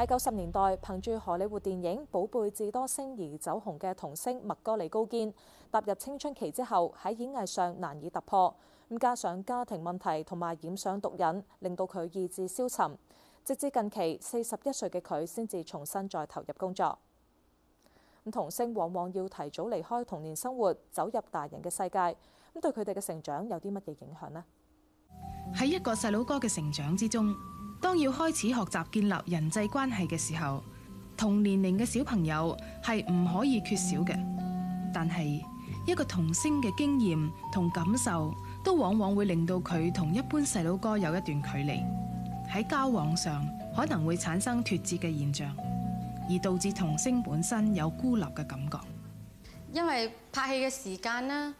喺九十年代，憑住荷里活電影《寶貝智多星》而走紅嘅童星麥哥利高堅，踏入青春期之後喺演藝上難以突破。咁加上家庭問題同埋染上毒癮，令到佢意志消沉。直至近期四十一歲嘅佢先至重新再投入工作。咁童星往往要提早離開童年生活，走入大人嘅世界。咁對佢哋嘅成長有啲乜嘢影響呢？喺一個細佬哥嘅成長之中，當要開始學習建立人際關係嘅時候，同年齡嘅小朋友係唔可以缺少嘅。但係一個童星嘅經驗同感受，都往往會令到佢同一般細佬哥有一段距離，喺交往上可能會產生脫節嘅現象，而導致童星本身有孤立嘅感覺。因為拍戲嘅時間啦，誒、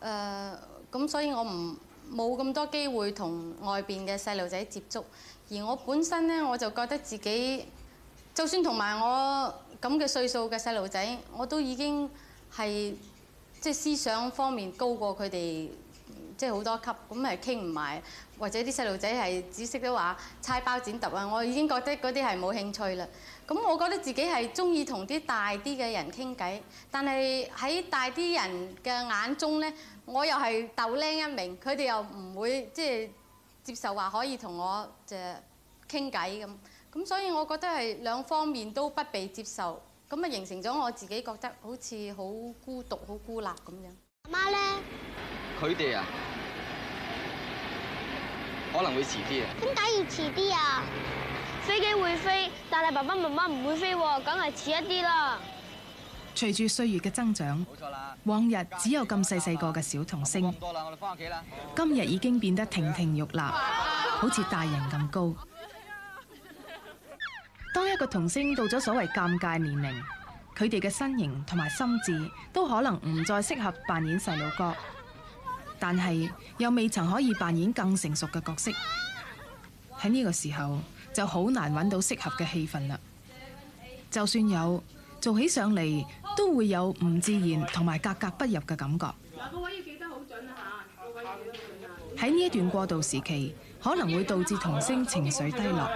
呃，咁所以我唔。冇咁多機會同外邊嘅細路仔接觸，而我本身呢，我就覺得自己就算同埋我咁嘅歲數嘅細路仔，我都已經係即係思想方面高過佢哋。即係好多級，咁咪傾唔埋，或者啲細路仔係只識得話猜包剪揼啊！我已經覺得嗰啲係冇興趣啦。咁我覺得自己係中意同啲大啲嘅人傾偈，但係喺大啲人嘅眼中呢，我又係豆靚一名，佢哋又唔會即係、就是、接受話可以同我嘅傾偈咁。咁所以我覺得係兩方面都不被接受，咁啊形成咗我自己覺得好似好孤獨、好孤立咁樣。媽呢？佢哋啊，可能會遲啲啊。點解要遲啲啊？飛機會飛，但係爸爸媽媽唔會飛喎，梗係遲一啲啦。隨住歲月嘅增長，冇錯啦。往日只有咁細細個嘅小童星，多啦，我哋翻屋企啦。今日已經變得亭亭玉立，好似大人咁高。 當一個童星到咗所謂尷尬年齡，佢哋嘅身形同埋心智都可能唔再適合扮演細路哥。但係又未曾可以扮演更成熟嘅角色，喺呢個時候就好難揾到適合嘅氣氛啦。就算有，做起上嚟都會有唔自然同埋格格不入嘅感覺。喺呢一段過渡時期，可能會導致童星情緒低落。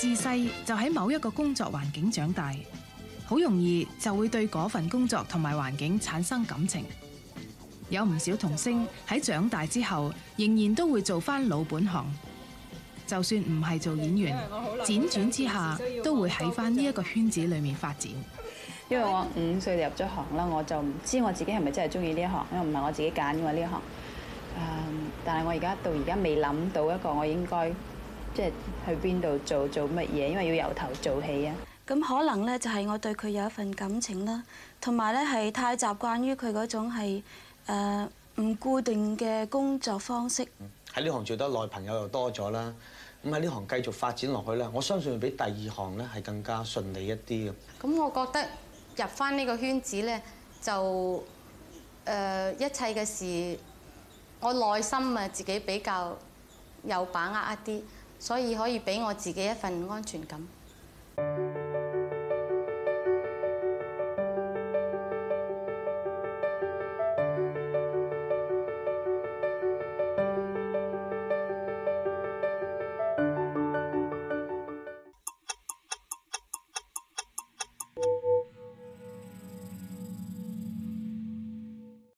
自細就喺某一個工作環境長大，好容易就會對嗰份工作同埋環境產生感情。有唔少童星喺長大之後，仍然都會做翻老本行。就算唔係做演員，輾轉之下都會喺翻呢一個圈子裏面發展。因為我五歲就入咗行啦，我就唔知我自己係咪真係中意呢一行，因為唔係我自己揀嘅嘛呢一行。但係我而家到而家未諗到一個我應該。即係去邊度做做乜嘢？因為要由頭做起啊。咁可能咧，就係我對佢有一份感情啦，同埋咧係太習慣於佢嗰種係呃、唔固定嘅工作方式。喺呢行做得耐，朋友又多咗啦。咁喺呢行繼續發展落去咧，我相信會比第二行咧係更加順利一啲嘅。咁我覺得入翻呢個圈子咧，就誒、呃、一切嘅事，我內心啊自己比較有把握一啲。所以可以俾我自己一份安全感。